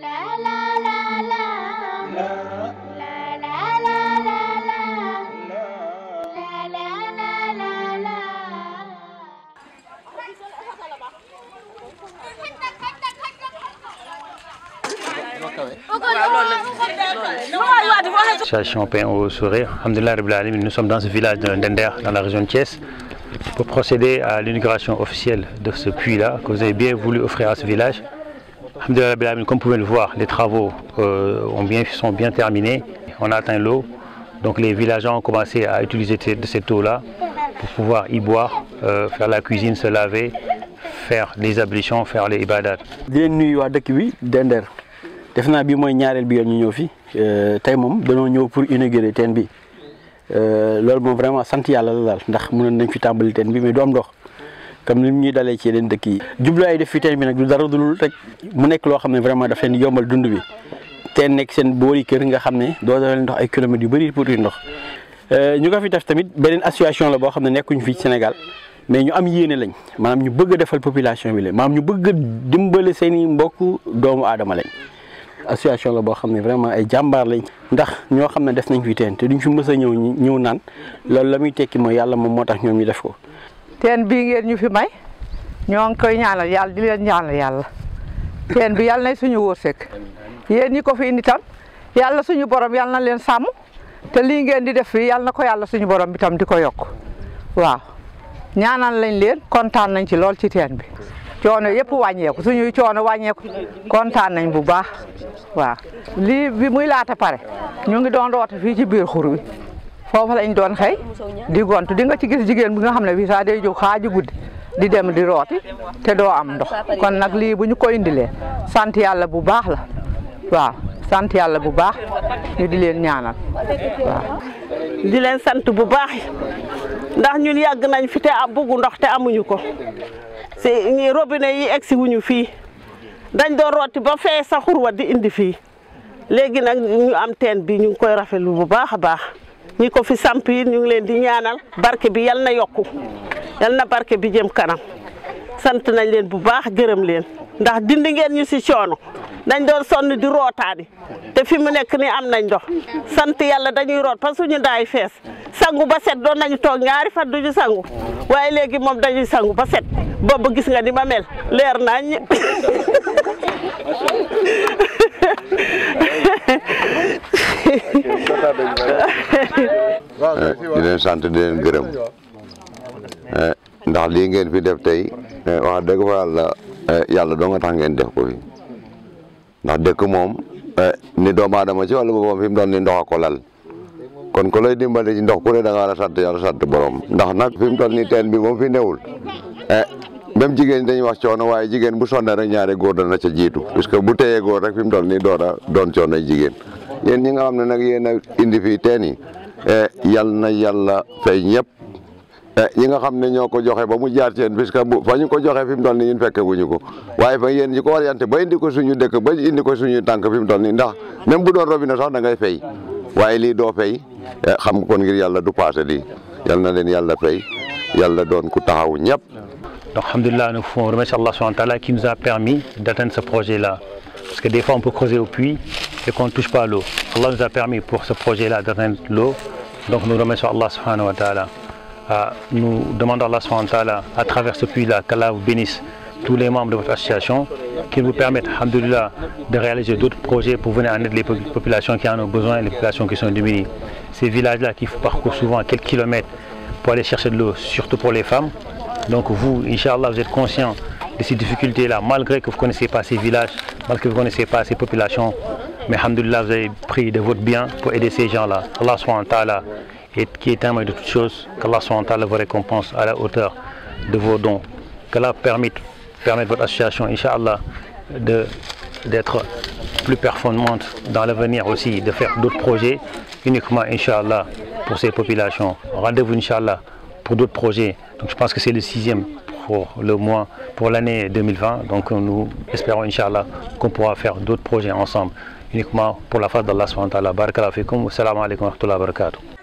la la au Sourire, nous sommes dans ce village de Dender, dans la région de Thiès, pour procéder à l'inauguration officielle de ce puits-là que vous avez bien voulu offrir à ce village. Comme vous pouvez le voir, les travaux euh, ont bien, sont bien terminés. On a atteint l'eau. Donc les villageois ont commencé à utiliser cette eau-là pour pouvoir y boire, euh, faire la cuisine, se laver, faire les ablutions, faire les ibadats. di leen nuyu waa dëkk bi Dender def naa bi mooy ñaareel bi yoon ñu ñëw fi euh, tey moom dañoo ñëw pour inaugurer teen bi loolu moom vraiment sant yàlla la daal ndax mënoon nañ fi tàmbali teen bi mais du am ndox comme ni ñuy dalee ci yeneen dëkk yi. jubluwaay def fi teen bi nag du dara dul rek mu nekk loo xam ne vraiment daf leen yombal dund bi teen nekk seen boori kër nga xam ne doo ndox ay kilomètres yu bëri pour yu ndox euh, ñu ko fi def tamit beneen association la boo xam ne nekkuñu fii Sénégal. mais ñu am yéene lañ maanaam ñu bëgg defal population bi lañ maanaam ñu bëgg a dimbale seen i doomu aadama lañ association la boo xam ne vraiment ay jàmbaar lañ. ndax ñoo xam ne def nañ fi teen te duñ fi mës a ñëw ñëw naan loolu la muy tekki mooy yàlla moom moo tax ñoom ñu def ko. teen bii ngeen ñu fi may ñoo ngi koy ñaanal yàlla di leen ñaanal yàlla teen bi yàlla na suñu wërsëg yéen ñi ko fi indi tam yàlla suñu borom yàlla na leen sàmm te lii ngeen di def fii yàlla na ko yàlla suñu borom bi tam di ko yokk waaw ñaanal lañ leen kontaan nañ ci lool ci teen bi coono yëpp wàññeeku suñuy coono wàññeeku kontaan nañ bu baax waaw lii bi muy laata pare ñu ngi doon roote fii ci biir xur wi fofu lañ doon xey di gontu di nga ci gis jigen bi nga xamne bi sa day jóg xaju gudd di dem di roti te do am ndox kon nak li buñ ko indilé sante yalla bu baax la waaw sante yalla bu baax ñu di leen ñaanal di leen sante bu baax ndax ñun yag nañ fi te am bugu ndox te amuñu ko ñi robinet yi exi wuñu fi dañ do roti ba fee sa xurwa di indi fi légui nak ñu am teen bi ñu koy rafetlu bu baax baax ñi ko fi samp yi ñu ngi leen di ñaanal barke bi yal na yokku na barke bi jëm kanam sant nañ leen bu baax gërëm leen ndax dindi ngeen ñu ci coono dañ doon sonn di rootaani te fi mu nekk ni am nañ ndox sant yalla dañuy root parce que ñu daay fess sangu ba set doon nañu toog ñaari fan duñu sangu waaye léegi moom dañuy sangu ba set gis nga ni ma mel leer nañ di leen sant di leen gërëm eh, ndax lii ngeen fi def tey eh, wax dëgg fa yàlla eh, yàlla doo nga tax ngeen def ko fi ndax dëkk moom ni doomu aadama ci wàllu boppam fi mu doon ni ndox a ko lal kon ko lay dimbale ci ndox ku ne da nga war a sant yàlla sant borom ndax nag fi mu toll nii teen bi moom fi newul même jigéen dañuy wax coono waaye jigéen bu sonnee rek ñaare góor dana ca jiitu puisque bu téyee góor rek fi mu toll nii door a doon coono jigéen yéen ñi nga xamne nak nag indi fi teen yi eh, yal na yàlla fay ñëpp eh, ñi nga xamne ne ko joxe ba mu jaar ci en bu fa ñu ko joxe fim mu toll nii fekke wuñu ko waye fa yeen ñi ko orienté ba indi ko suñu dekk ba indi ko suñu tank fim mu toll ndax même bu doon robinet sax da ngay fay waye li do fay eh, xam nga kon ngir yalla du passé di yal na leen yàlla fay yalla doon ku taxaw ñëpp. Donc, Alhamdulillah, nous remercions Allah qui nous a permis d'atteindre ce projet-là. Parce que des fois, on peut creuser au puits, et qu'on ne touche pas à l'eau. Allah nous a permis pour ce projet-là d'atteindre l'eau. Donc nous remercions Allah subhanahu wa ta'ala. Nous demandons à Allah ta'ala à travers ce puits-là qu'Allah vous bénisse tous les membres de votre association qui vous permettent, alhamdoulilah, de réaliser d'autres projets pour venir en aide les populations qui en ont besoin et les populations qui sont démunies. Ces villages-là qui parcourent souvent quelques kilomètres pour aller chercher de l'eau, surtout pour les femmes. Donc vous, Inch'Allah, vous êtes conscient de ces difficultés-là, malgré que vous ne connaissez pas ces villages, malgré que vous ne connaissez pas ces populations, mais Alhamdulillah, vous avez pris de votre bien pour aider ces gens-là. Allah soit en ta'ala, et qui est un de toutes choses, qu'Allah soit en ta'ala vous récompense à la hauteur de vos dons. Qu'Allah permette, permette votre association, Inch'Allah, d'être plus performante dans l'avenir aussi, de faire d'autres projets uniquement, Inch'Allah, pour ces populations. Rendez-vous, Inch'Allah, pour d'autres projets. Donc je pense que c'est le sixième pour le mois, pour l'année 2020. Donc nous espérons, Inch'Allah, qu'on pourra faire d'autres projets ensemble. uniquement pour la face d'Allah. Barakallahu fikum. Assalamu alaikum wa rahmatullahi wa barakatuh.